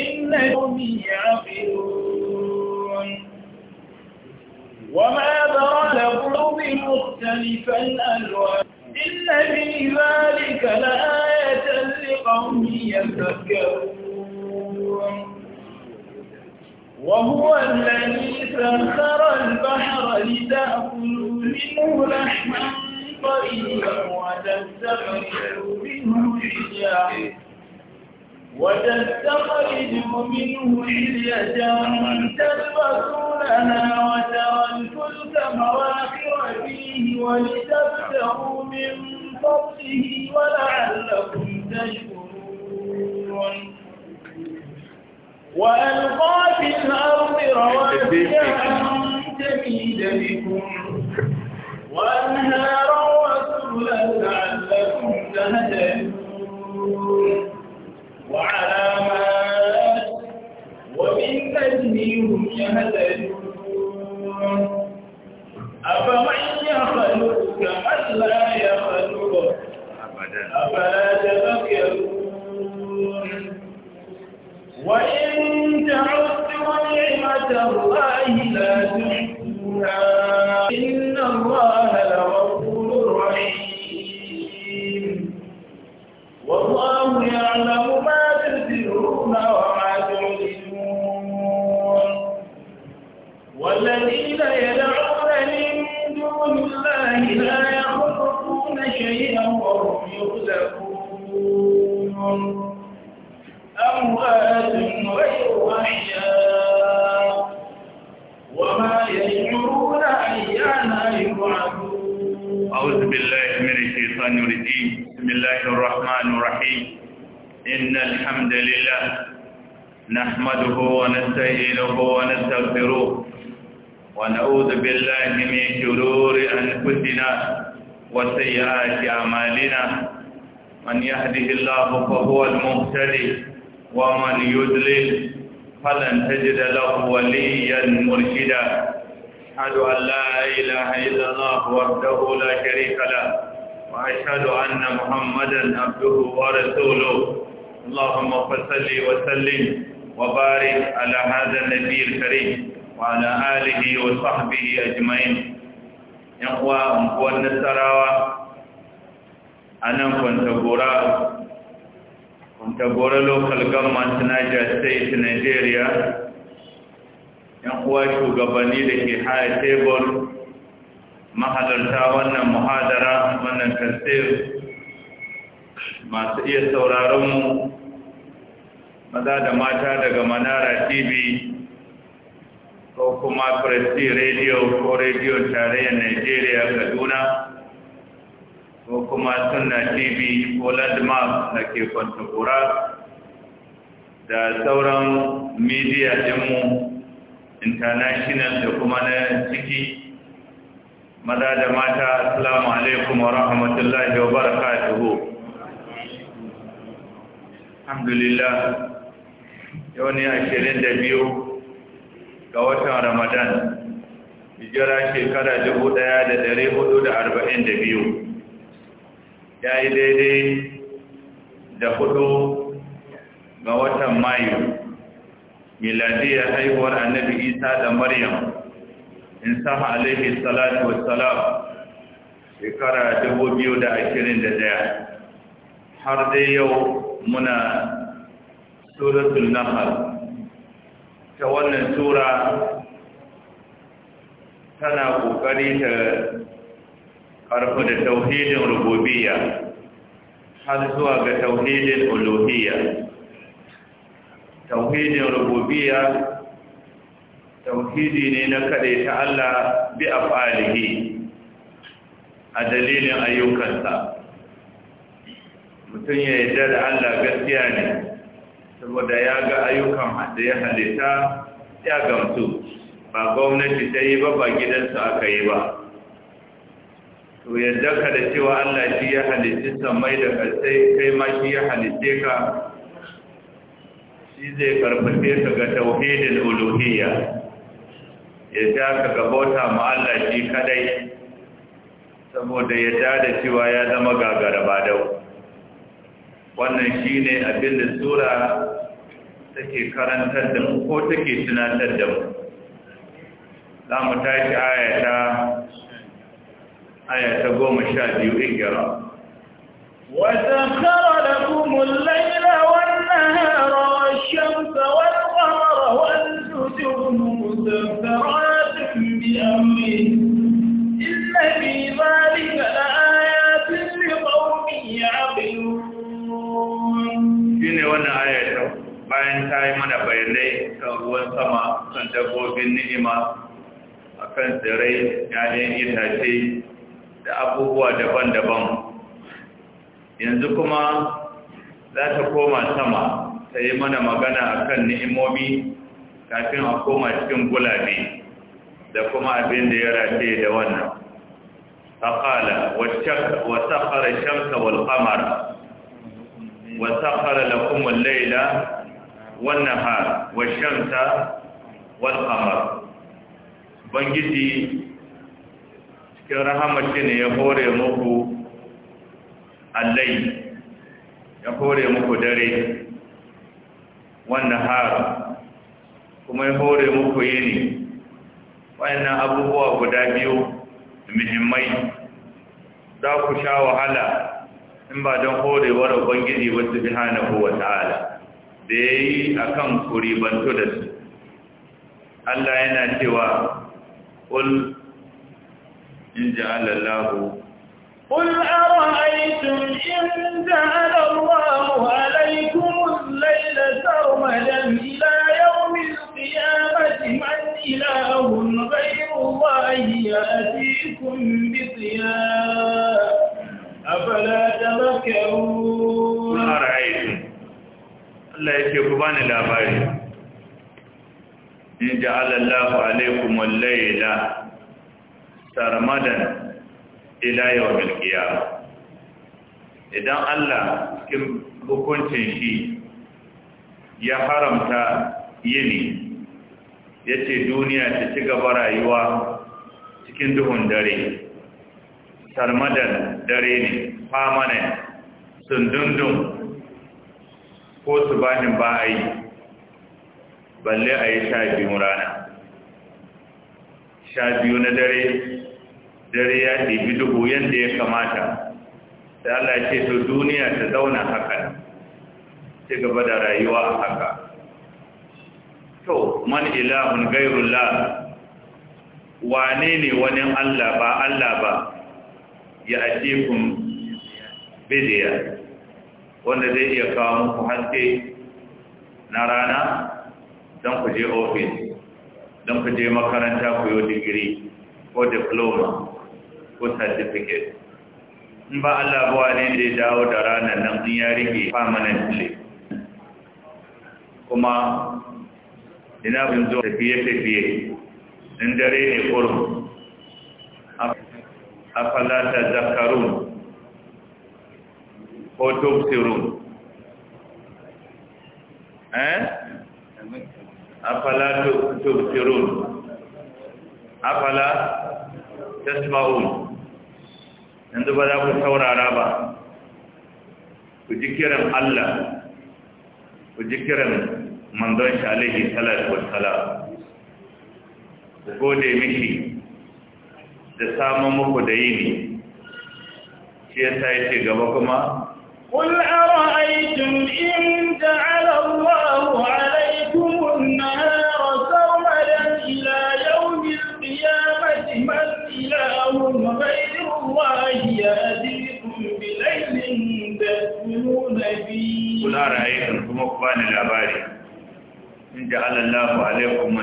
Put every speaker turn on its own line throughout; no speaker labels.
إنهم يعقلون وما ذرى لقلوب مختلفا ألوان إن في ذلك لآية لقوم يذكرون وهو الذي سخر البحر لتأكلوا منه لحما طريقا وتستخرج منه حجاجا وتستخرج منه حلية تلبسونها وترى الفلك مواخر فيه ولتبتغوا من فضله ولعلكم تشكرون وألقى في الأرض رواسي أن تميد بكم وأنهارا سبلا لعلكم تهتدون وعلامات وبالنجم هم يهتدون أفمن يخلق كمن لا يخلق أفلا
وإن تعدوا نعمة الله لا
تحصوها إن الله لغفور رحيم يعلم
نحمده ونستهيله ونستغفره ونعوذ بالله من شرور أنفسنا وسيئات أعمالنا من يهده الله فهو المهتدي ومن يذلل فلن تجد له وليا مرشدا أشهد أن لا إله إلا الله وحده لا شريك له وأشهد أن محمدا عبده ورسوله اللهم صل وسلم وبارك على هذا النبي الكريم وعلى آله وصحبه أجمعين يقوى أمقوى النسراوة أنا كنت أقول كنت أقول له خلقاً ما ناجا ستيت نيجيريا يقوى شو قبني لكي حاي تيبل mahalarta wannan muhadara wannan kasir masu iya sauraronmu maza da mata daga manara tv ko kuma presti radio ko radio tarayyar nigeria kaduna ko kuma sunna tv ko landmark da ke kwantagora da sauran media dinmu international da kuma na ciki
maza da mata assalamu alaikum wa rahmatullahi wa barakatuhu
alhamdulillah yau ne ashirin da biyu ga watan ramadan hijira shekara dubu ɗaya da ɗari hudu da arba'in da biyu ya yi daidai da hudu ga watan mayu ya haihuwar annabi isa da maryam in sama alaihi salatu wassalam shekara dubu biyu da da ashirin ɗaya. har dai yau muna suratul nahl ta wannan tura tana kokari ta karfa da tauhidin rububiyya har zuwa ga tauhidin uluhiyya tauhidin rububiyya tauhidi ne na kaɗe ta Allah bi afalihi a dalilin ayyukansa mutum ya yarda da Allah gaskiya ne saboda ya ga ayyukan da ya halitta ya gamsu ba gwamnati ta yi ba ba gidansu aka yi ba to yadda ka da cewa Allah shi ya halitta samai da kasai kai ma shi ya halitta ka shi zai karfafe ka ga tauhidin uluhiyya ya ja ka ga bauta ma Allah shi kadai saboda yadda da cewa ya zama gagara ba dau wannan shi ne abin da tura take karantar da mu ko take tunatar da mu za mu tashi ayata ayata goma sha biyu igira
وسخر لكم الليل والنهار والشمس والقمر والنجوم مسخرات بأمره ne wannan aya ta
bayan ta yi mana bayanai kan ruwan sama kan dabbobin ni'ima a kan tsirrai, yayin itace da abubuwa daban-daban yanzu kuma za ta koma sama ta yi mana magana a kan ni'imomi kafin a koma cikin gulabe da kuma abin da ya rataye da wannan faƙala wasaƙar shamsa wal qamara وسخر لكم الليل والنهار والشمس والقمر بنجتي cikin rahamar shi ne ya hore muku allai ya hore muku dare wannan har kuma ya hore muku yini wayannan abubuwa guda biyu muhimmai za ku sha wahala in ba don horewar ubangiji ba su bihanahu wa ta'ala da ya yi a kan kuribanto da su allah yana cewa ƙul
in ji alallahu
ƙul ara'aitun in ji alallahu alaikum laila sarmadan ila yawmin qiyamati man ilahun ghayru allahi ya'tikum bi siyam afala tazakkarun
ara'aytum Allah yake ku bani labari in ja'ala Allahu alaykum al-layla sarmadan ila idan Allah cikin hukuncin shi ya haramta yini ya ce duniya ta ci gaba rayuwa cikin duhun dare tarmadar dare ne sun sundundun ko su bani ba a yi balle a yi sha biyu rana sha biyu na dare dare ya ɗibi duhu yadda ya kamata da Allah ce to duniya ta zauna haka ci gaba da rayuwa a haka to man ilahun la wane ne wani Allah ba Allah ba ya kun bidiya wanda zai iya kawo muku haske na rana don ku je ofis don ku je makaranta ku yi digiri ko diploma ko certificate in ba Allah buwa ne zai dawo da ranar nan in ya rike permanently kuma ina bin zo tafiye-tafiye in dare ne kurum afala zakarun ko tubsirun
eh afala tubsirun afala
tasma'un yanzu ba za ku saurara ba ku ji kiran Allah ku ji kiran manzon shi alaihi salatu wassalam ku gode mishi da samun muku da yini shi ya sa yake gaba kuma
قل أرأيتم إن جعل الله عليكم النهار سرمدا إلى يوم القيامة من إله غير الله يأتيكم بليل تأكلون فيه قل
أرأيتم كما قبان العباري إن جعل الله عليكم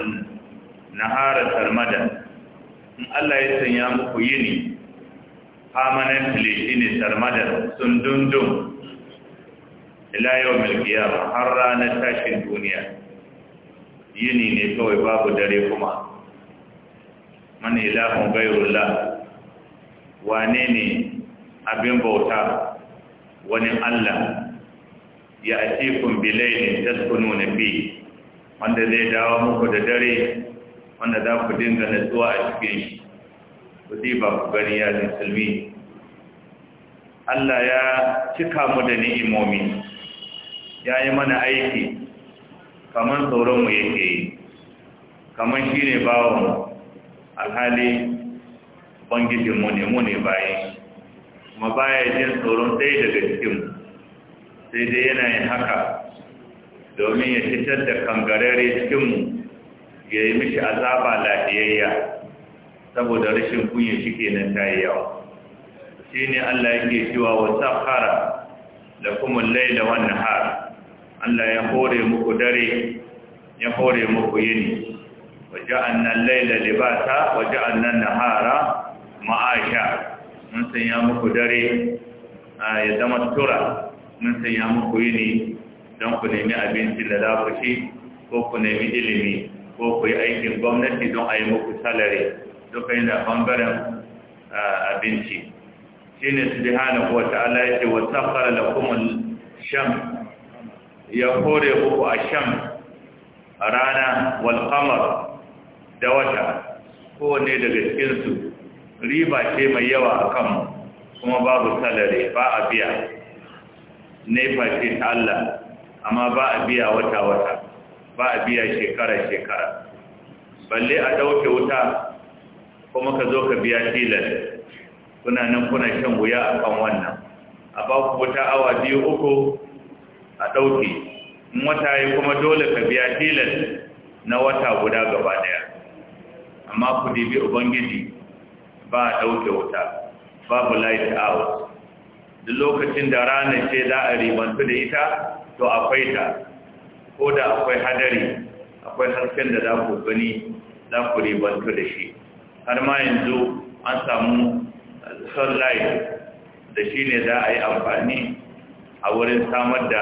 النهار سرمدا in Allah ya sanya muku yini permanently shine sarmadan sun dundun ila yawmil qiyamah har ranar tashin duniya yini ne kawai babu dare kuma man ilahun gairullah wane ne abin bauta wani Allah ya atikun bilailin taskununa fi wanda zai dawo muku da dare wanda za ku dinga natsuwa a cikin shi ku ba ku gani ya musulmi Allah ya cika mu da ni'imomi ya yi mana aiki kamar tsoronmu yake yi kamar shi ne bawon alhali bangijinmu ne mu ne bayan kuma baya jin tsoron ɗaya daga cikinmu sai dai yana yin haka domin ya fitar da kangarare cikinmu ya yi mishi azaba lafiyayya saboda rashin kunya shi nan ta yi yawa shi ne Allah yake cewa wa sahara da kuma laila wannan nahar Allah ya hore muku dare ya hore muku yini waje annan laila libasa waje annan nahara ma'asha mun sanya muku dare ya zama tura mun sanya muku yini don ku nemi abinci da za ko ku nemi ilimi ko ku yi aikin gwamnati don a yi muku salari duka da bangaren abinci shi ne su ji hana kuwa ta ya ce wa sakar da kuma sham ya kore uku a sham rana walhamar da wata kowane daga cikinsu riba ce mai yawa a kanmu kuma babu salari ba a biya nefa ce ta Allah amma ba a biya wata-wata ba a biya shekara-shekara balle a ɗauke wuta kuma ka zo ka biya tilas kuna nan kuna shan wuya a kan wannan a ba ku wuta awa biyu uku a dauke in wata yi kuma dole ka biya tilas na wata guda gaba daya amma ku dibi ubangiji ba a ɗauke wuta babu light out duk lokacin da ranar ce za a ribantu da ita to akwai ta ko da akwai hadari akwai hasken da za ku gani za ku ribantu da shi har ma yanzu an samu sunlight da shi ne za a yi amfani a wurin samar da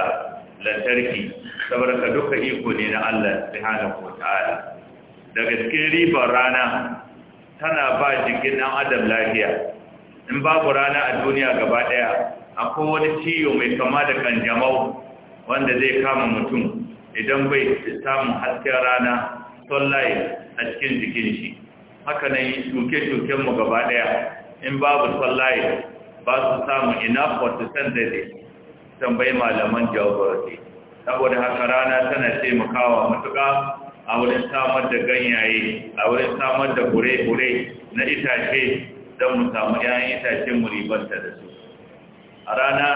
lantarki saboda ka duka iko ne na Allah ko ta'ala daga cikin ribar rana tana ba jikin ɗan adam lafiya in babu rana a duniya gaba ɗaya akwai wani ciwo mai kama da kanjamau wanda zai kama mutum idan bai samun hasken rana sunlight a cikin jikin shi haka nan tuke shuken mu gaba daya in babu sunlight ba su samu enough for to send tambayi malaman geography saboda haka rana tana taimakawa matuka a wurin samar da ganyaye a wurin samar da gure-gure na itace don mu samu 'ya'yan itacen mu ribanta da su a rana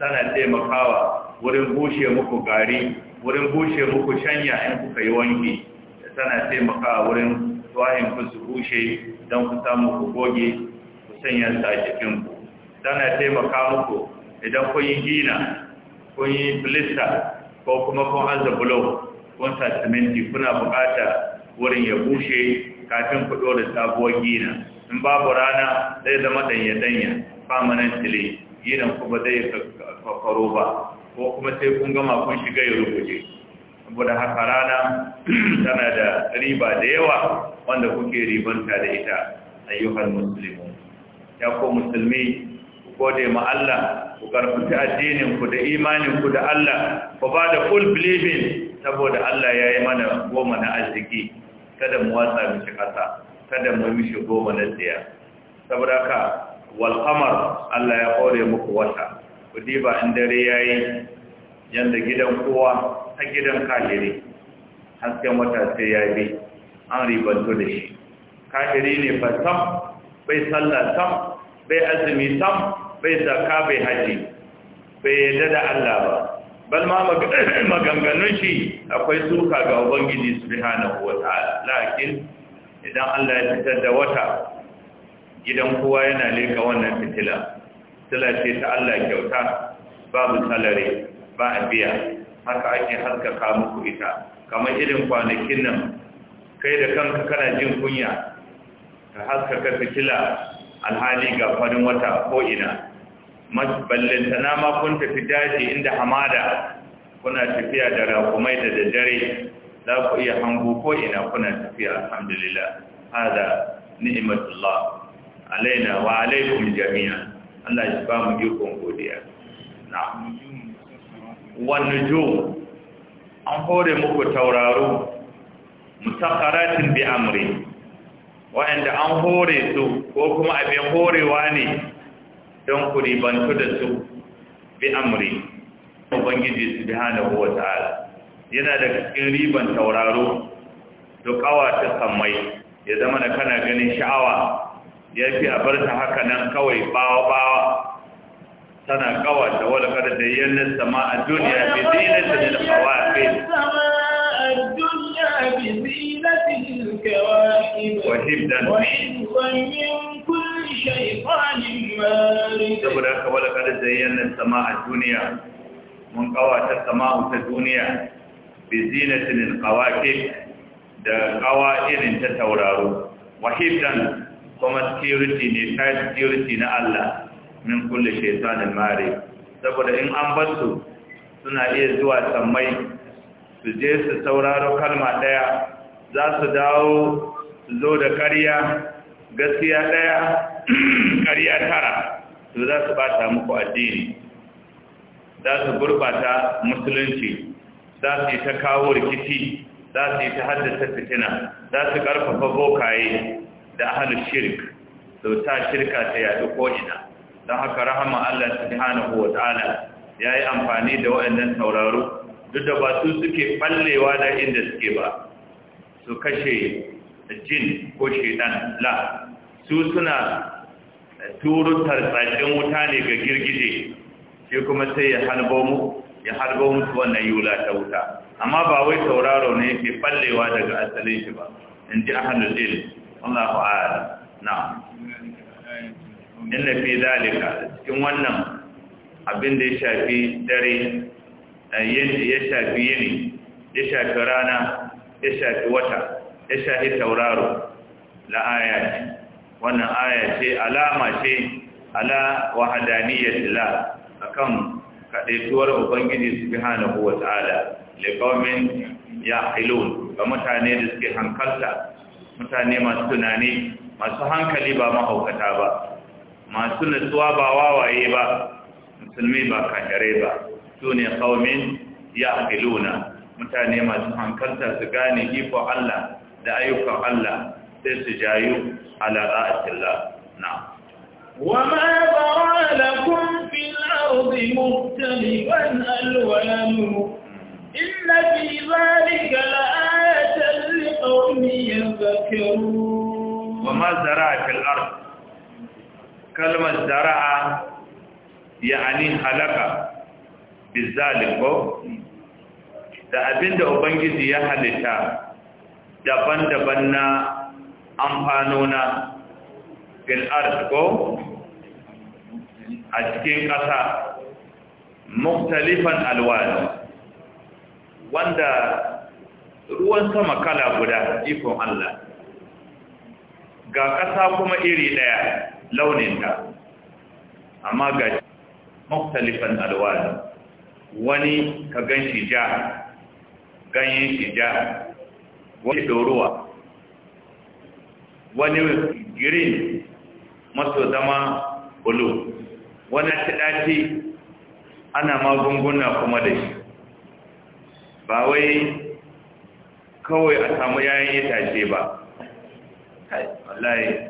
tana taimakawa wurin bushe muku gari wurin bushe muku shanya in kuka yi wanki tana taimakawa wurin tuwahin ku su bushe don ku samu ku goge ku sanya ta a jikinku tana taimaka muku idan kun yi gina kun yi filista ko kuma kun hanzu bulo kun sa siminti kuna bukata wurin ya bushe kafin ku dole sabuwar gina in babu rana zai zama danya-danya permanently gidan kuma zai kakaro ba ko kuma sai kun gama kun shiga ya kuje. saboda haka rana tana da riba da yawa wanda kuke ribanta da ita ayyukan musulmi ya ko musulmi ku gode ma Allah ku karfafi addinin ku da imanin ku da Allah ku ba da full believing saboda Allah ya yi mana goma na arziki kada mu watsa mishi kasa kada mu mishi goma na tsaya saboda haka wal qamar Allah ya kore muku wata kudi ba in dare ya yi yadda gidan kowa ta gidan kafiri hasken wata sai ya bi an ribanto da shi kafiri ne ba sam bai sallah sam bai azumi sam bai zaka bai haji bai yadda da Allah ba bal ma maganganun shi akwai suka ga ubangiji subhanahu wataala lakin idan Allah ya fitar da wata gidan kowa yana leka wannan fitila sila ce ta Allah kyauta babu salari ba a biya haka ake haskaka muku ita kamar irin kwanakin nan kai da kanka kana jin kunya ka haskaka fitila alhali ga farin wata ko'ina. ina ballantana ma kun tafi daji inda hamada kuna tafiya da rakumai da daddare za ku iya hango ko'ina kuna tafiya alhamdulillah hada ni'matullah alaina wa alaikum jami'a Allah ya ba mu ikon godiya na wani jo an hore muku tauraro mutakaratin bi amri wa'anda an hore su ko kuma abin horewa ne don ku ribantu da su bi amri ubangiji hana wa ta'ala yana da cikin riban tauraro duk awa ta mai ya zama da kana ganin sha'awa ya fi a bar ta haka nan kawai bawa-bawa tana kawata wadda kada da yanar sama a duniya bi zinatin alkawafin
wahibdan
saboda haka wadda kada da yanar sama a duniya mun kawata sama ta duniya bi zinatin alkawafin da kawa irin ta tauraro wahibdan kuma security ne ta security na Allah min kulle shaitanin mare saboda in an basu suna iya zuwa sammai su je su sauraro kalma ɗaya za su dawo su zo da ƙarya gaskiya ɗaya ƙarya tara to za su bata muku addini za su gurbata musulunci za su yi ta kawo rikici za su yi ta haddasa fitina za su ƙarfafa bokaye da ahalus shirk da ta shirka ta yaɗu ko'ina don haka rahama Allah subhanahu wa ta'ala ya yi amfani da waɗannan tauraro duk da ba su suke ɓallewa da inda suke ba su kashe jin ko shaidan la su suna turu tartsashin wuta ne ga girgije shi kuma sai ya halbo mu ya harbo musu wannan yula ta wuta amma ba wai tauraro ne yake ɓallewa daga asalin shi ba in ji ahalul ilm wallahu a'lam na'am inna fi cikin wannan abin da ya shafi dare eh, ya shafi yini ya shafi rana ya shafi wata ya shafi tauraro la aya ce wannan aya ce alama ce ala wahadaniyyatillah akan kadaituwar ubangiji subhanahu wata'ala liqaumin ya'qilun ga mutane da suke hankalta mutane masu tunani masu hankali ba mahaukata ba masu nutsuwa ba wawaye ba musulmi ba kafirai ba su ne kaumin ya mutane masu hankalta su gane ikon Allah da ayyukan Allah sai su jayu ala ra'atillah na
وما برا لكم في الأرض مختلفا ألوانه إن في ذلك لآية القوم يذكرون
وما زرع في الأرض كلمة زرع يعني حلقة بالذالك da abin da Ubangiji ya halitta daban-daban na amfanona fil a cikin ƙasa muktalifan alwani wanda ruwan sama kala guda ikon Allah ga ƙasa kuma iri ɗaya launinta amma ga muktalifan alwani wani ka gan shi ja ganyen shi ja wani ɗoruwa wani girin maso zama bulu wani tiɗaci ana magunguna kuma da shi ba wai kawai a samu yayin itace ba wallahi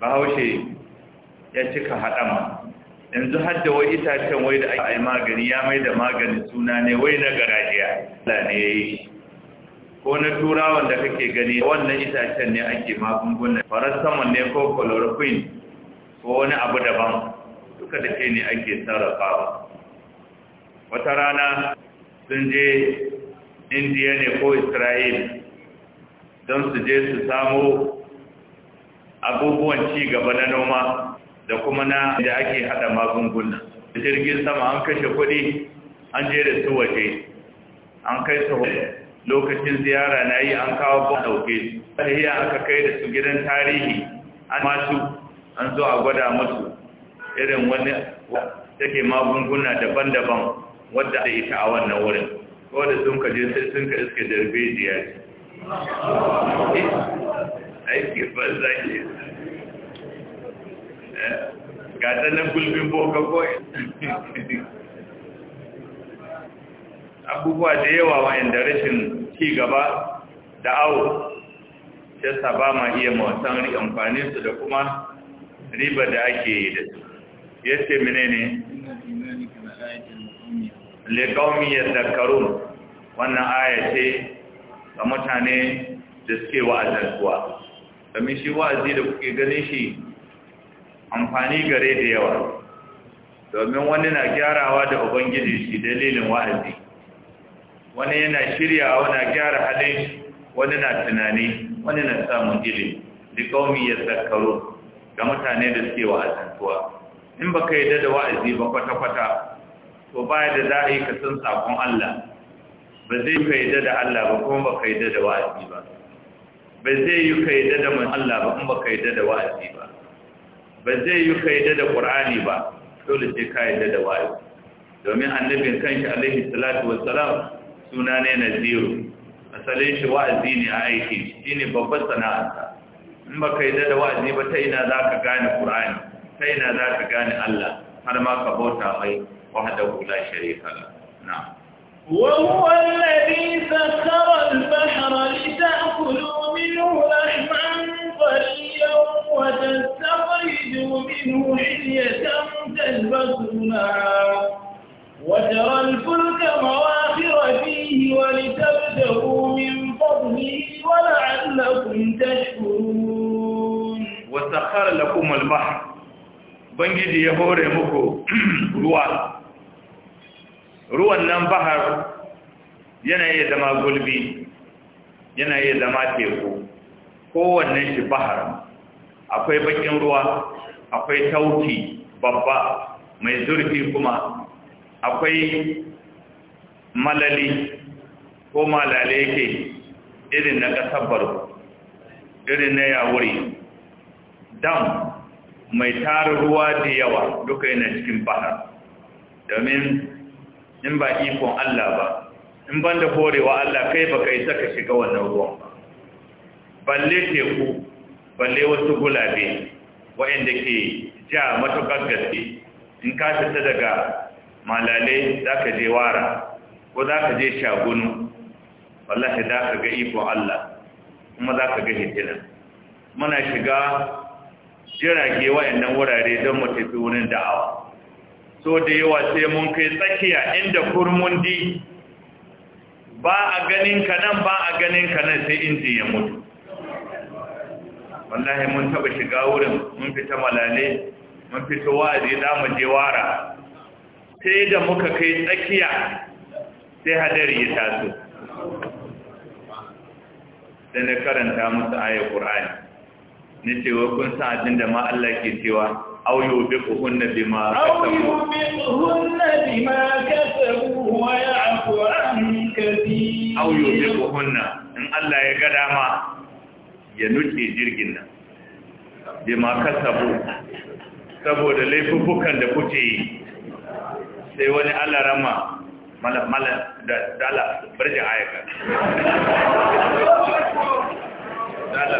bahaushe ya cika haɗama yanzu hadda wai itacen wai da yi magani ya mai da magani suna ne wai na garajiya da ne ya ko na turawan da kake gani wannan itacen ne ake magungunan farasamon ne ko chloroquine ko wani abu daban duka da ke ne ake sarrafawa wata rana sun je indiya ne ko isra'il don su je su samo abubuwan ci gaba na noma da kuma na da ake hada magunguna jirgin sama an kashe kudi an je da su waje an kai su lokacin ziyara na yi an kawo ba dauke sahiya aka kai da su gidan tarihi an masu an zo a gwada musu irin wani take magunguna daban-daban wadda da ita a wannan wurin sun sun je sai sun ka iske darbejiya
ce aiki banza ke eh, gata na gulbin boka kawai
abubuwa da yawa inda rashin ci gaba da awo yasa ba ma iya mawasan amfani su da kuma riba da ake yi da su yace menene
le kaumi
yadhakkarun wannan aya ce ga mutane da suke wa'azantuwa domin shi wa'azi da kuke ganin shi amfani gare da yawa domin wani na gyarawa da ubangiji shi dalilin wa'azi wani yana a wani gyara halin wani na tunani wani na samun ilimi da kaumi ya zakaru ga mutane da suke wa'azantuwa in ba ka yi da wa'azi ba kwata-kwata to baya da za a yi ka san sakon Allah ba zai kaida da Allah ba kuma ba kaida da wa'azi ba ba zai yi kaida da man Allah ba kuma ba kaida da wa'azi ba ba zai yi kaida da Qur'ani ba dole sai ka da da wa'azi domin annabin kanshi alaihi salatu salam suna ne naziru asalin shi wa'azi ne a aiki shi ne babban sana'arsa in ba ka yi da wa'azi ba ta ina za ka gane Qur'ani ta ina za ka gane Allah har ma ka bauta mai wahdahu la sharika la
na'am وهو
الذي سخر البحر لتأكلوا منه لحما طريا وتستخرجوا منه حلية تلبسونها وترى الفلك مواخر فيه ولتبتغوا من فضله ولعلكم تشكرون
وسخر لكم البحر بنجي يهور مكو رواه ruwan nan bahar yana iya zama gulbi yana iya zama teku kowannen shi bahar akwai bakin ruwa akwai tauki babba mai zurfi kuma akwai malali ko malale yake irin na ƙasar irin na yawuri dam mai tara ruwa da yawa duka yana cikin bahar domin in ba ikon Allah ba in ban da horewa Allah kai ba kai saka shiga wannan ruwan ba balle teku balle wasu gulabe waɗanda ke ja matuƙar gaske in ka ta daga malale za ka je wara ko za ka je shagunu wallahi za ka ga ikon Allah kuma za ka ga hitila muna shiga jirage waɗannan wurare don mu tafi wurin da'awa so da yawa sai mun kai tsakiya inda kurmundi ba a ganin ka nan ba a ganin ka nan sai injin ya mutu
wallahi mun taba
shiga wurin mun fita malale mun fita wa'azi da mu je wara sai da muka kai tsakiya sai hadari ya taso da na karanta musu ayar Qur'ani ni ce wa kun san abin da ma Allah ke cewa أو يوبقهن بما أو
يوبقهن بما كسبوا ويعفو عن كثير أو يوبقهن
إن الله يقدم ينجي جرقنا بما كسبوا saboda laifukan da kuke yi sai wani Allah rama malam da dala barjin ayyuka
dala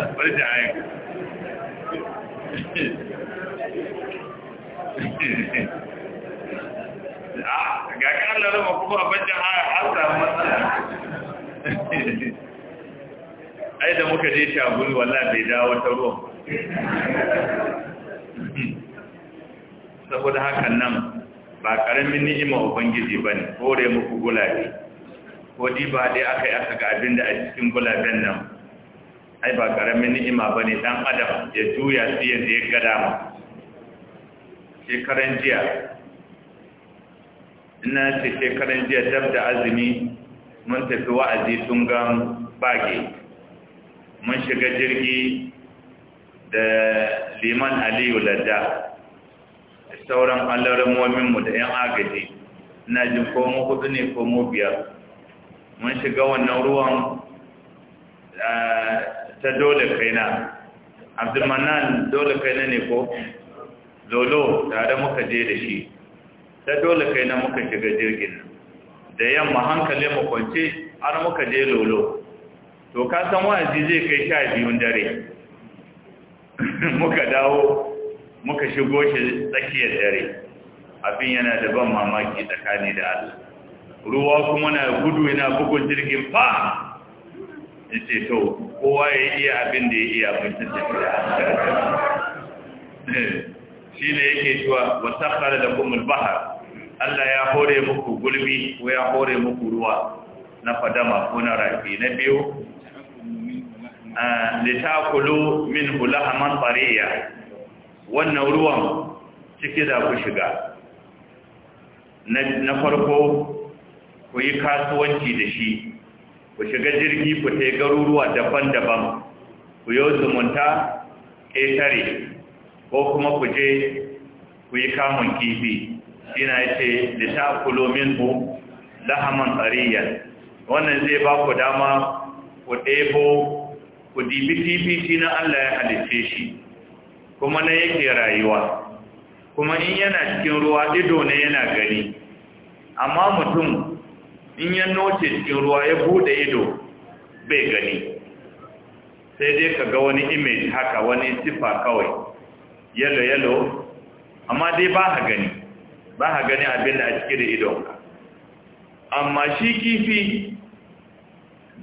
ga ƙalar rama kuma
abin da an samu matsala ai da muka je shagul wala bai dawo ta ruwa. saboda hakan nan ba ƙaramin ni'ima ubangiji ba ne kore muku gulabe ko ba dai aka yi aka ga abin da a cikin gulaben nan ai ba ƙaramin ni'ima ba ne Dan adam ya juya su da ya gada mu shekaran jiya ina ce shekaran jiya dab da azumi mun tafi wa'azi tun gan bage mun shiga jirgi da liman aliyu ladda da sauran mominmu da 'yan agaji ina jin komo hudu ne komo biyar mun shiga wannan ruwan eh, ta dole kaina abdulmanan dole kaina ne ko lolo tare muka je da shi ta dole kai na muka shiga jirgin da yamma hankali mu kwance har muka je lolo to ka san wa'azi zai kai sha biyun dare muka dawo muka shigo shi tsakiyar dare abin yana da ban mamaki tsakani da Allah ruwa kuma na gudu yana bugun jirgin fa ce to kowa ya iya abin da ya iya abincin
tattauna
shine yake cewa wa da da al Allah ya hore muku gulbi ko ya hore muku ruwa na fadama ko na rafi na biyu litakulu min lahaman tariya wannan ruwan ciki da ku shiga na
farko
ku yi kasuwanci da shi ku shiga jirgi ku ta garuruwa daban-daban ku yi zumunta ƙetare ko kuma ku je ku yi kamun kifi shine yace da min bu lahaman ariyan, wannan zai ba ku dama ku ɗebo ku dibi kifi na Allah ya halicce shi kuma na yake rayuwa kuma in yana cikin ruwa ido ne yana gani amma mutum in ya noce cikin ruwa ya bude ido bai gani sai dai ka ga wani image haka wani sifa kawai yalo yalo amma dai ba ha gani ba ha gani abin da a cike da idonka amma shi kifi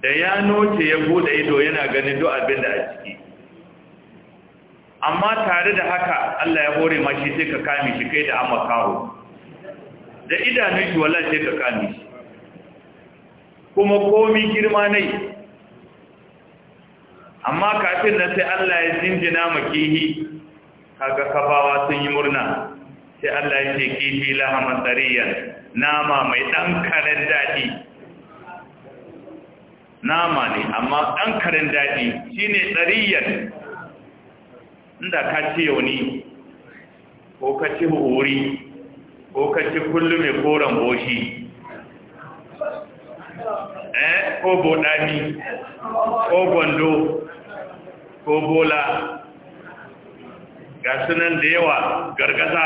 da ya noce ya bude ido yana ganin duk abin da a ciki amma tare da haka Allah ya hore ma shi sai ka kame shi kai da Amma kawo. da idanun shi wallahi sai ka kame shi kuma komi girma nai amma kafin nan sai Allah ya jinjina makihi kaga kafawa sun yi murna sai Allah ya ce kifi lahaman tsariyan nama mai ɗan karen daɗi nama ne amma ɗan karen daɗi shi ne tsariyan inda ka ce yauni ko ka ce hori ko ka ce kullum mai koren boshi eh, ko boɗani ko gwando, ko bola ga sunan da yawa gargaza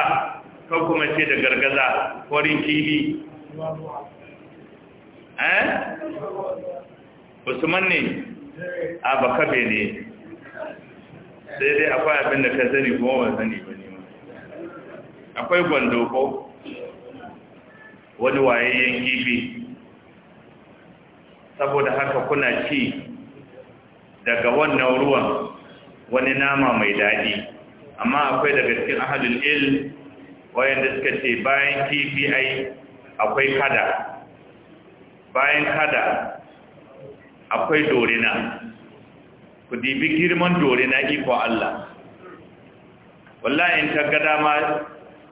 ko kuma ce da gargaza farin kibi eh usman ne a be ne
sai dai akwai abin da ka sani kuma ba
sani ba ne akwai gwando ko wani wayayyen kifi saboda haka kuna ci daga wannan ruwan wani nama mai daɗi amma akwai daga cikin ahalul il wayanda suka ce bayan kifi ai akwai kada bayan kada akwai dorina ku dibi girman dorina iko Allah wallahi in ta ga dama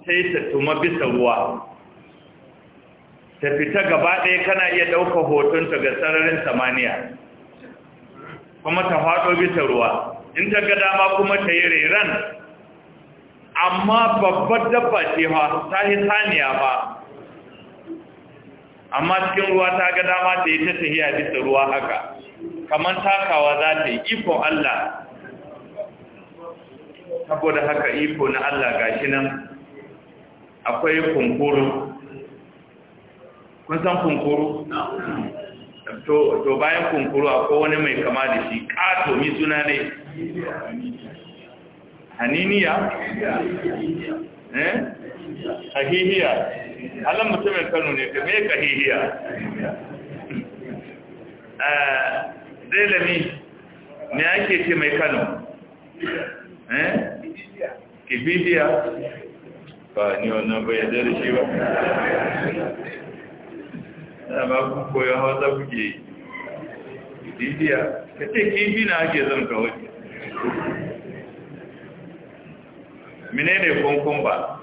sai ta tuma bisa ruwa ta fita gaba ɗaya kana iya ɗaukar ta ga sararin samaniya kuma ta faɗo bisa ruwa in ta ga dama kuma ta yi reran amma babbar dabba ce ba ta yi saniya ba amma cikin ruwa ta ga dama ta yi ta tahiya bisa ruwa haka kamar takawa za ta yi iko Allah saboda haka iko na Allah gashi nan akwai kunkuru kun san kunkuru?
to bayan kunkuru akwai wani mai kama da shi ƙato mi
suna ne haniniya eh ahihiya alam mutumin kano ne ka mai kahihiya delami eh, ne ake ce mai kano eh kibidiya ba ni wannan bai da shi ba da ba ku koyon hausa kuke kibidiya ka ce kibi na ake zan kawai menene kunkumba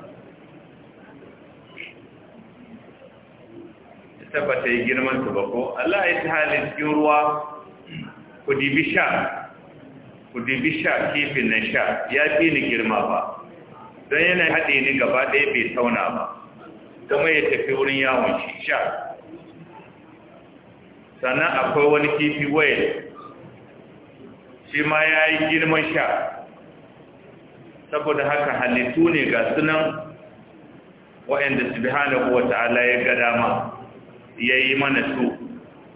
ba ta yi girman ta ba Allah ya ta halin cikin ruwa ku dibi sha ku dibi sha kifin na sha ya fi ni girma ba don yana haɗe ni gaba ɗaya bai tauna ba kuma ya tafi wurin yawon shi sha sannan akwai wani kifi wayar shi ma ya yi girman sha saboda haka halittu ne ga sunan waɗanda subhanahu wata'ala ya ga dama yayi mana su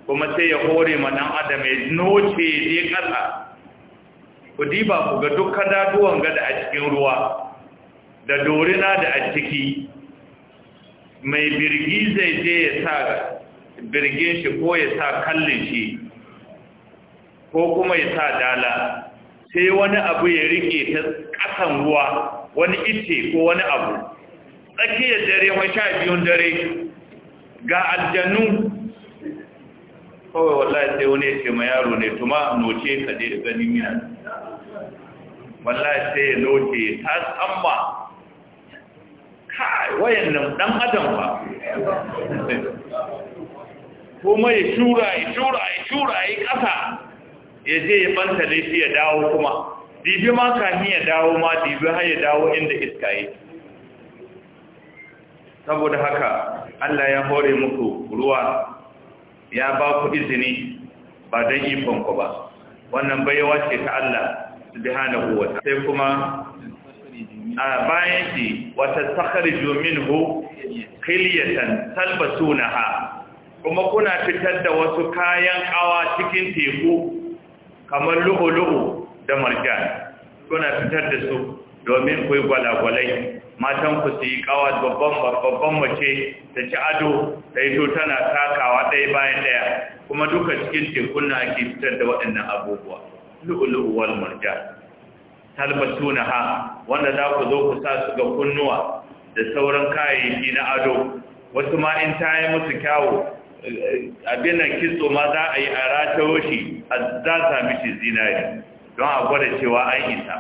kuma sai ya hore ma dan adam ya noce ne kasa ku diba ku ga duk kadaduwan gada a cikin ruwa da dorina da a ciki mai birgi zai je ya sa birgin shi ko ya sa kallin shi ko kuma ya sa dala sai wani abu ya rike ta ƙasan ruwa wani ice ko wani abu
tsakiyar dare mai sha
biyun dare ga aljanu kawai wallahi sai wani ya ce ma yaro ne tuma noce ka je da gani mina wallahi sai ya noce ta tsamma
kai wayan nan dan adam ba
kuma ya shura ya shura ya shura ya kasa ya je ya banta laifi ya dawo kuma dibi ma kamin ya dawo ma dibi har ya dawo inda iska yi saboda haka Allah ya hore muku ruwa ya ba ku izini ba don ikonku ba wannan baiwa ce ta Allah subhanahu wa ta'ala sai kuma a bayan shi wata takharju minhu khilyatan talbasunaha kuma kuna fitar da wasu kayan kawa cikin teku kamar lu'ulu'u da marjan kuna fitar da su domin ku gwalagwalai matan ku su yi kawa babban mace ta ci ado ta yi tana takawa ɗaya bayan ɗaya kuma duka cikin teku na ake fitar da waɗannan abubuwa lu'ulu'u wal talbatu na ha wanda za ku zo ku sa su ga kunnuwa da sauran kayayyaki na ado wasu ma in ta yi musu kyawu abinan kitso ma za a yi a ratawo shi a za a shi zinari don a gwada cewa an isa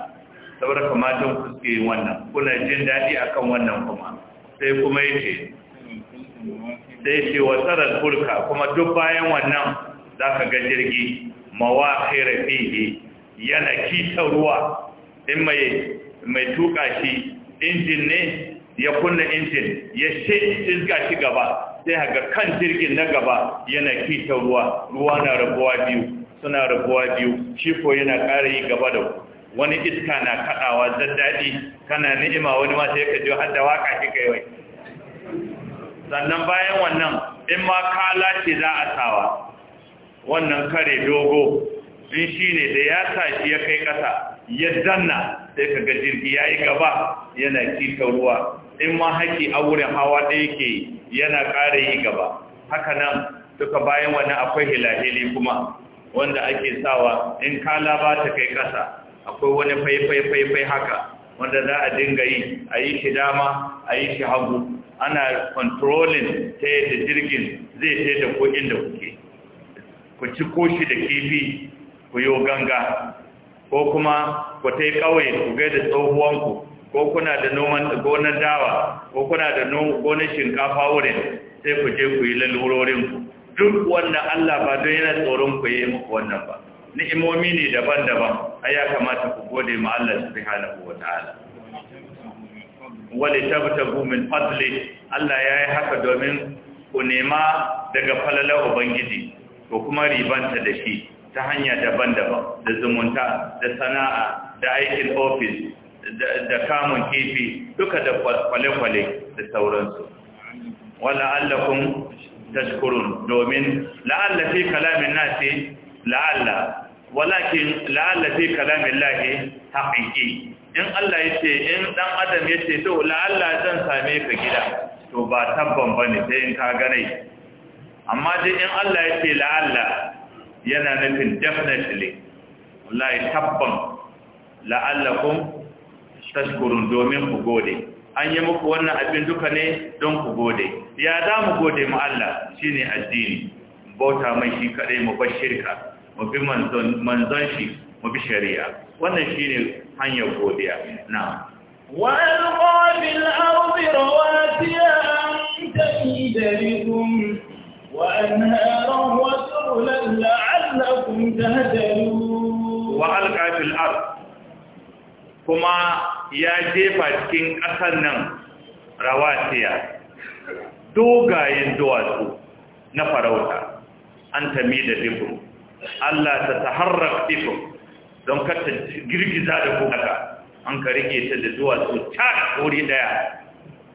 saboda kamatan kuske yin wannan kuna jin daɗi akan wannan kuma sai kuma ya ce sai ce wa tsarar kuma duk bayan wannan za ka ga jirgi mawa kaira fiye yana kita ruwa in mai tuka shi injin ne ya kunna injin ya shi gaba sai haka kan jirgin na gaba yana kita ruwa ruwa na rabuwa biyu suna rabuwa biyu shi yana ƙara yi gaba da wani iska na kaɗawa zan daɗi kana ni'ima wani ma sai ka ji har da waka kika yi sannan bayan wannan in ma ka ce za a sawa wannan kare dogo in shi ne da ya sa shi ya kai ƙasa ya danna sai ka ga jirgi ya yi gaba yana kita ruwa in ma haƙi a wurin hawa ɗaya ke yana ƙara yi gaba haka nan duka bayan wani akwai hilahili kuma wanda ake sawa in kala ba ta kai ƙasa akwai wani faifai-faifai haka wanda za a dinga yi a yi shi dama a yi shi hagu ana kontrolin ta yadda jirgin zai ce da ko inda kuke ku ci koshi da kifi ku yo ganga ko kuma ku ta yi ƙauye ku da tsohuwanku ko kuna da noman gonar dawa ko kuna da gonar shinkafa wurin sai ku je ku yi lalurorin duk wannan Allah ba don yana tsoron ku yi muku wannan ba ni'imomi ne daban-daban ai ya kamata ku gode ma Allah subhanahu ta'ala wali tabtagu min fadli Allah ya yi haka domin ku nema daga falalar ubangiji ko kuma ribanta da shi ta hanya daban-daban da zumunta da sana'a da aikin ofis da kamun kifi duka da kwale-kwale
da sauransu
wala allakun tashkurun domin la'alla fi kalamin nasi la'alla walakin la'alla fi kalamin lahi haqiqi in Allah ce in dan adam ce to la'alla zan same ka gida to ba tabban ba ne sai in ka ganai. amma dai in Allah ce la'alla yana nufin definitely wallahi tabban la'allakum tashkurun domin ku gode an yi muku wannan abin duka ne don ku gode ya za mu gode mu Allah ne addini bauta mai shi kaɗai mu bar shirka mu bi manzon shi mu bi shari'a wannan ne hanyar godiya na
wa anharan wa kuma ya jefa cikin ƙasar nan
rawatiya dogayen duwatsu na farauta an tami da Allah ta taharrak dibin don kata girgiza da kuka an ka rike ta da duwatsu ta wuri daya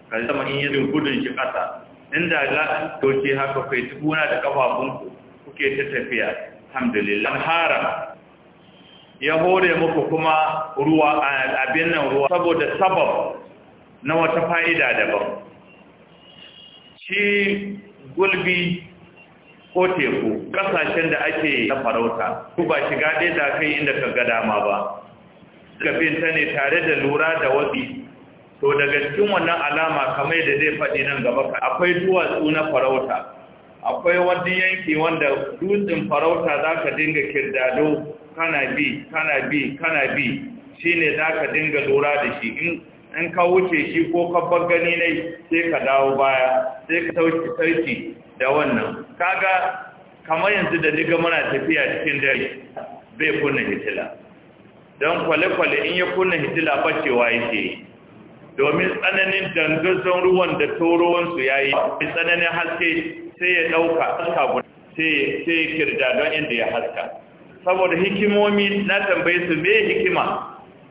ka zama in yi gudun shi ƙasa inda za doke haka kai tukuna da ƙafafunku kuke ta tafiya alhamdulillah haram ya hore muku kuma ruwa abin nan ruwa saboda sabab na wata fa'ida daban
shi gulbi
ko teku kasashen da ake na farauta ku ba shiga ɗaya da kai inda ka ga dama ba gabin ta ne tare da lura da watsi to daga cikin wannan alama kamar da zai faɗi nan gaba akwai duwatsu na farauta akwai wani yanki wanda dutsen farauta za ka dinga kirdado kana bi kana bi kana bi shi ne za ka dinga lura da shi in ka wuce shi ko kabbar gani ne sai ka dawo baya sai ka sauki sarki da wannan kaga kamar yanzu da diga muna tafiya cikin dare bai kunna hitila don kwale-kwale in ya kunna hitila bacewa yake domin tsananin dangazon ruwan da torowansu ya yi tsananin haske sai ya ɗauka haska guda sai ya kirja don inda ya haska saboda hikimomi na tambayi su me hikima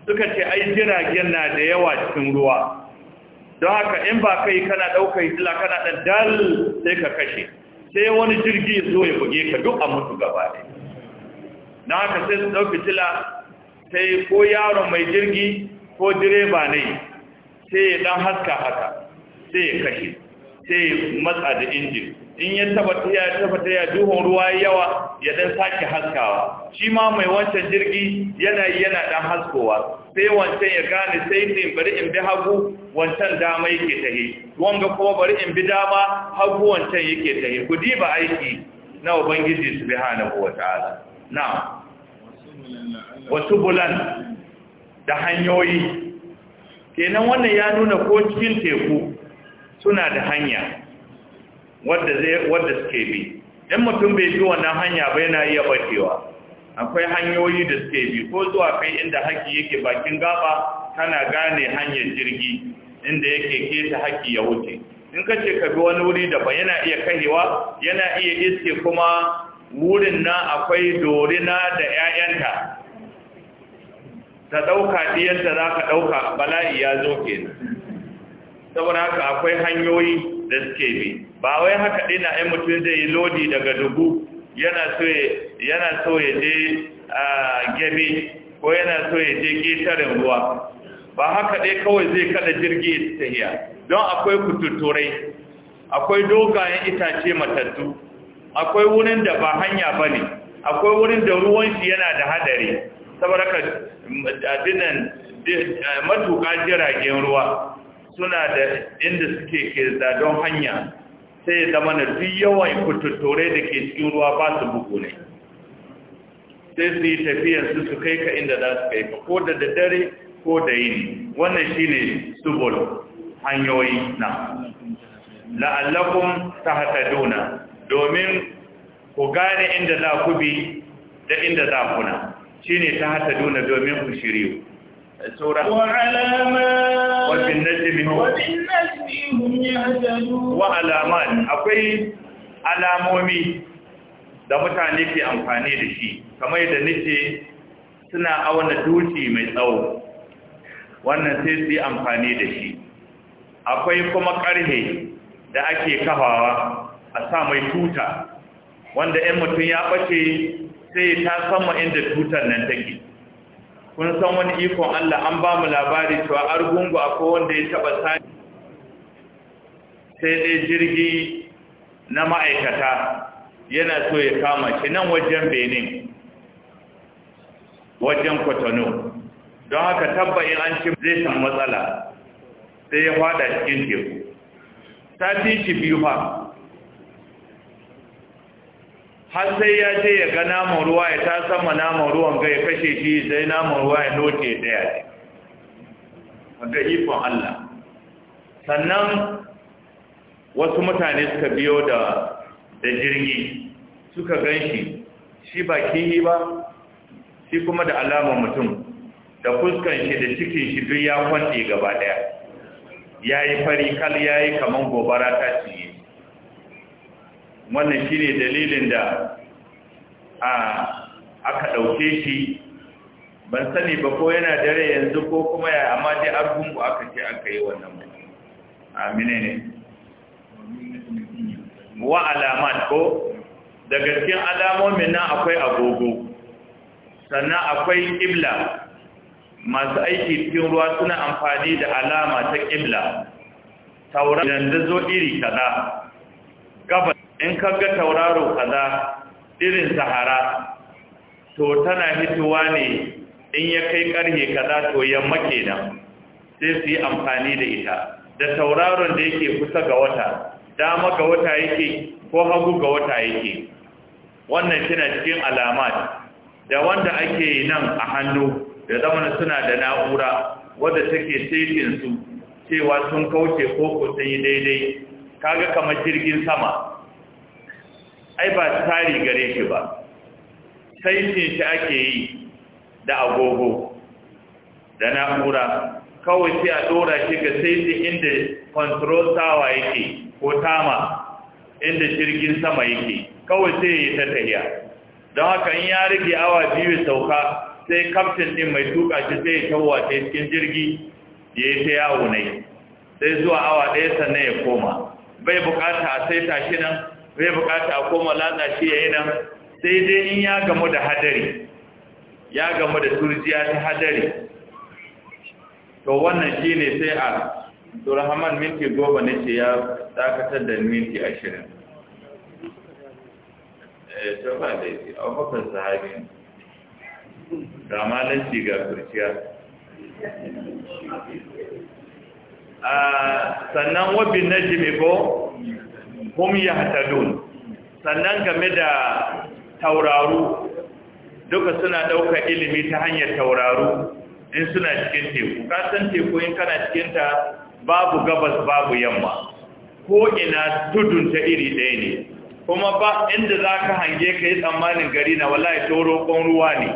suka ce ai jiragen na da yawa cikin ruwa don haka in ba kai kana ɗaukar hitila kana ɗan dal sai ka kashe sai wani jirgi zo ya buge ka duk a mutu gaba na haka sai su ɗauki hitila sai ko yaron mai jirgi ko direba ne sai ya ɗan haska haka sai ya kashe sai matsa da injin in ya tabbata ya taba ya duhun ruwa yawa ya dan sake haskawa shi ma mai wancan jirgi yana yana dan haskowa sai wancan ya gane sai ne bari in bi hagu wancan dama yake tahi wanga kuma bari in bi dama hagu wancan yake tahi ku diba aiki na ubangiji subhanahu wataala Na, wasu bulan da hanyoyi kenan wannan ya nuna ko cikin teku suna da hanya wadda zai suke bi in mutum bai bi wannan hanya ba yana iya bacewa akwai hanyoyi da suke bi ko zuwa kai inda haki yake bakin gaba kana gane hanyar jirgi inda yake keta haki ya wuce in ka ce ka bi wani wuri daban yana iya kahewa yana iya iske kuma wurin na akwai dorina da 'ya'yanta ta ɗauka ɗiyarta za ka ɗauka bala'i ya zo ke saboda haka akwai hanyoyi da suke bi ba wai haka dina ai mutum zai yi lodi daga dubu yana so yana so ya je a gebe ko yana so ya je ƙetaren ruwa ba haka dai kawai zai kada jirgi tahiya don akwai kututturai akwai dogayen itace matattu akwai wurin da ba hanya ba akwai wurin da ruwan shi yana da hadari saboda ka adinan matuƙa jiragen ruwa suna da inda suke ke don hanya sai ya zama na duk yawan kututture da ke cikin ruwa ba su bugu ne sai su yi tafiyar su su kai ka inda za su kai ka ko da daddare ko da yini wannan shi ne subul hanyoyi na La'allakun ta haka duna domin ku gane inda za ku bi da inda za ku na haka duna domin ku shiryu سورة وعلامات وبالنجم هم
وبالنجم هم يهتدون وعلامات
أقول alamomi da mutane ke amfani da shi kamar yadda nake suna auna duci mai tsawo wannan sai su yi amfani da shi akwai kuma ƙarhe da ake kafawa a sa mai tuta wanda 'yan mutum ya ɓace sai ta sama inda tutar nan take kun san wani ikon Allah an ba mu labari cewa argungu akwai wanda ya taba sani sai dai jirgi na ma'aikata yana so ya kama shi nan wajen benin wajen kwatano don haka in an ci zai san matsala sai ya fada cikin teku sati shi biyu fa har sai ya ce ya ga naman ruwa ya ta sama naman ruwan ga ya kashe shi sai naman ruwa ya noce daya ne ga ikon Allah sannan wasu mutane suka biyo da jirgi suka gan shi shi ba kihi ba shi kuma da alamar mutum da fuskan shi da cikin shi duk ya kwanɗe gaba daya ya yi fari kal ya yi kamar gobara ta ciye wannan shi ne dalilin da aka ɗauke shi ban sani ba ko yana dare yanzu ko kuma ya amma dai ku aka ce aka yi wannan mai amine ne wa alamat ko daga cikin alamomin nan akwai agogo sannan akwai ƙibla masu aiki cikin ruwa suna amfani da alama ta ƙibla tauran da zo iri kaza in ka ga tauraro kaza irin sahara to tana hitowa ne in ya kai karhe kaza to yamma kenan sai su yi amfani da ita da tauraron da yake kusa ga wata dama ga wata yake ko hagu ga wata yake wannan kina cikin alamat da wanda ake nan a hannu da zamanin suna da na'ura wadda take saitin su cewa sun kauce ko ko yi daidai kaga kamar jirgin sama ai ba tsari gare shi ba sai shi shi ake yi da agogo da na'ura kawai sai a dora shi ga sai inda control tower yake ko tama inda jirgin sama yake kawai sai yi ta tahiya don haka in ya rage awa biyu sauka sai kaftin din mai tuka shi sai ya tawa ta cikin jirgi ya yi ta yawo ne sai zuwa awa ɗaya sannan ya koma bai bukata a sai tashi nan zai bukata a koma latsa shi ya yi nan sai dai in ya gamu da hadari ya gamu da turjiya ta hadari to wannan shi ne sai a turhaman minti goma ne ce ya dakatar da minti ashirin eh, ba da sahabi ah, sannan wabin najimi ko hum hatadun sannan game da tauraru duka suna dauka ilimi ta hanyar tauraru in suna cikin teku ka san teku in kana cikin ta babu gabas babu yamma ko ina tudun ta iri ɗaya ne kuma ba inda za ka hange ka yi tsammanin gari na wallahi toro roƙon ruwa ne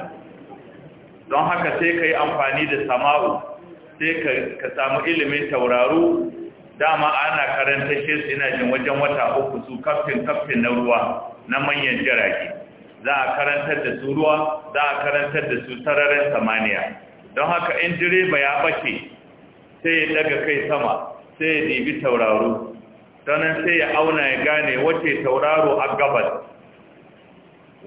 don haka sai ka yi amfani da sama'u sai ka samu ilimin tauraru. dama ana karanta shi ina jin wajen wata uku su kaftin kaftin na ruwa na manyan jirage za a karantar da su ruwa za a karantar da su sararin samaniya don haka in direba ya bace sai ya daga kai sama sai ya dibi tauraro sannan sai ya auna ya gane wace tauraro a gabas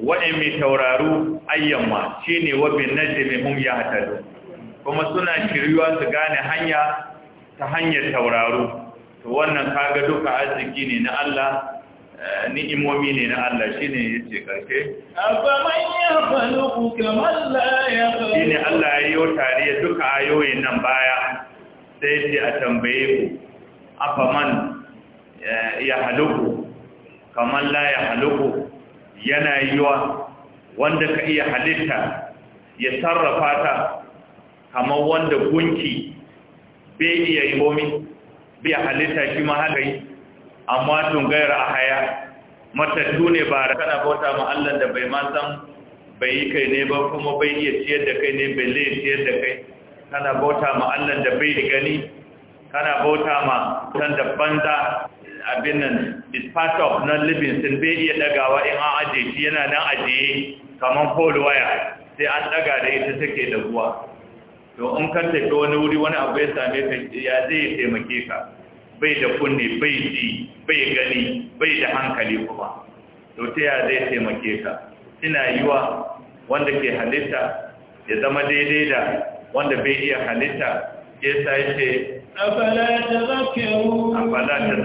wa'in mai tauraro ayyamma shine wabin najmi hum yahtadun kuma suna shiruwa su gane hanya ta hanyar tauraro to wannan kaga duka arziki ne na Allah eh, ni'imomi ne na Allah shine yace karshe
afaman yakhluqu kaman la yakhluqu shine Allah
ya yi tare duka ayoyin nan baya sai yace a tambaye ku afaman eh, yakhluqu kaman la yakhluqu yana yiwa wanda ka iya halitta ya sarrafa ta kamar wanda gunki bai iya yi komi bai halitta shi ma haka yi amma tun gaira a haya matattu ne ba kana bauta ma Allah da bai ma san bai yi kai ne ba kuma bai iya ciyar da kai ne bai lai ciyar da kai kana bauta ma Allah da bai da gani kana bauta ma san da banza abin nan is part of non living sin bai iya dagawa in an ajiye shi yana nan ajiye kamar pole waya sai an daga da ita take da ruwa to in ka tafi wani wuri wani abu ya same ka ya zai taimake ka bai da kunne bai ji bai gani bai da hankali kuma to ta ya zai taimake ka ina wa wanda ke halitta ya zama daidai da wanda bai iya halitta ya sa ya ce
afala ta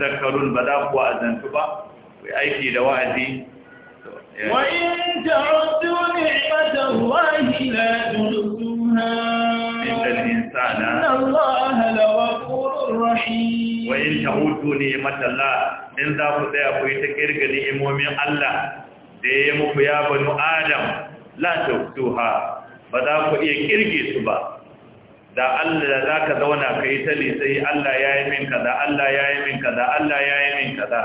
zakarun ba za ku azantu ba aiki da wa'azi wa
in ta'uddu ni'matahu
ne matalla in za ku tsaya ku yi ta kirga ni'imomin Allah da ya yi muku ya banu Adam la tuhsuha ba za ku iya kirge su ba da Allah da za ka zauna ka yi tali sai Allah ya yi min kaza Allah ya yi min kaza Allah ya yi min kaza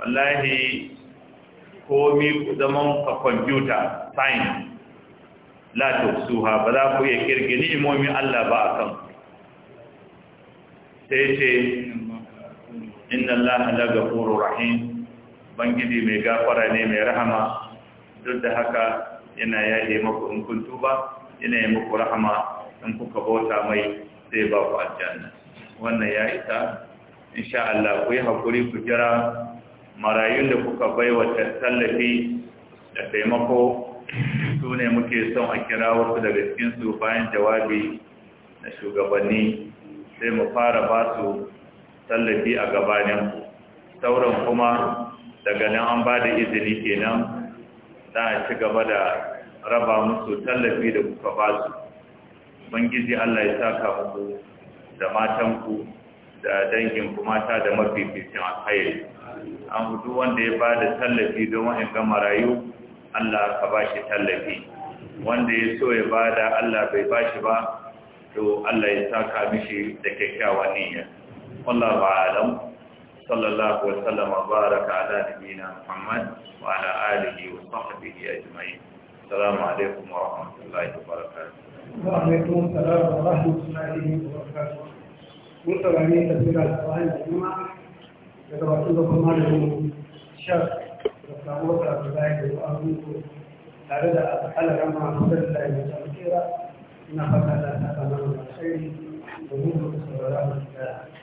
wallahi komi ku zaman ka kwamfuta science la tuhsuha ba za ku iya kirge ni'imomin Allah ba a kan sai ce inna allaha la ghafurur rahim bangiji mai gafara ne mai rahama duk da haka yana yaye muku in kun tuba yana yi muku rahama in kuka bauta mai zai ba ku aljanna wannan ya isa insha Allah ku yi hakuri ku jira marayun da kuka baiwa tallafi da taimako su ne muke son a kira wasu daga su bayan jawabi na shugabanni sai mu fara ba su tallafi a ku. sauran kuma daga nan an ba da izini kenan za a ci gaba da raba musu tallafi da kuka ba su bangiji Allah ya saka muku da matanku da dangin kuma mata da mafificin alkhairi an hudu wanda ya ba da tallafi don gama rayu Allah ka ba shi tallafi wanda ya so ya ba da Allah bai ba shi ba to Allah ya saka mishi da kyakkyawa niyyar wallahu alam sallallahu wa sallama baraka ala nabiyyina muhammad wa ala alihi wa sahbihi ajma'in assalamu alaikum wa rahmatullahi wa barakatuh
wa alaikum assalam wa
rahmatullahi wa barakatuh mun tsara ne ta tsira
da bayan juma da gabatun da kuma da mu sha da samuwar da ta bayan da wa mun ko tare da alƙala ga ma sallallahu alaihi wa sallam ina fata da ta kama da sai da mun ko tsara da ta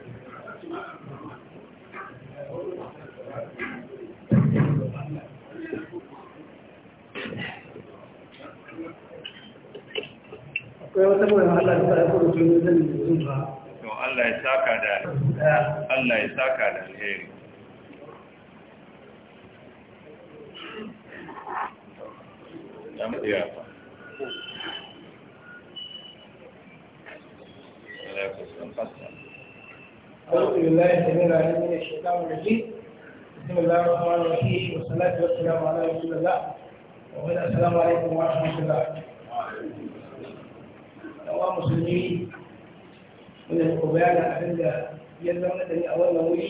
kai wata mai Allah ya fara kuma cikin zan yi zuwa
to Allah ya saka Allah ya saka da
Allah ya kusa fasa
أعوذ بالله من الشيطان الرجيم بسم الله الرحمن uwa musulmi wanda suka bayanin abin da ya zama da ni a wannan wuri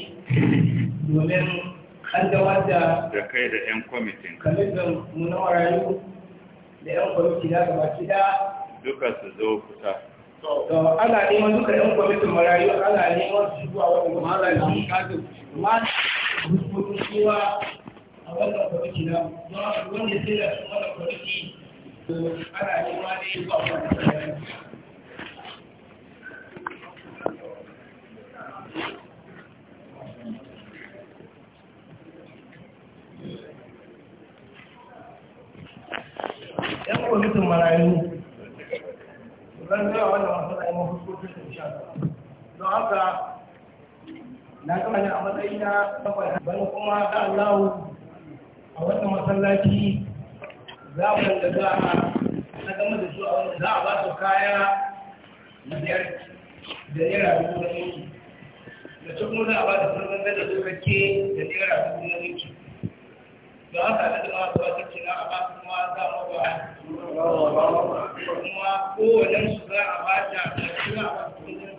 domin an gabatar
da kai da 'yan kwamitin
kwamitin mu na marayu da 'yan kwamiti na gaba kida duka
su zo kusa
To ana neman duka 'yan kwamitin marayu ana neman su zuwa wani marayu kafin ma rubutun cewa a wannan kwamiti na wanda sai da wannan kwamiti ana neman da ne zuwa wani kwamitin. yan kwamitin marayu zan zai wannan wasu da yawan fuskokin da sha don haka na gama ne a matsayina saboda bani kuma da allahu a wannan masallaci za mu da za a na gama da su a wani za a ba su kaya na biyar da naira dubu na yanki da su za a ba su sun ganga da tsokakke da naira dubu na yanki da haka ba kuma za su za a ba ta a ba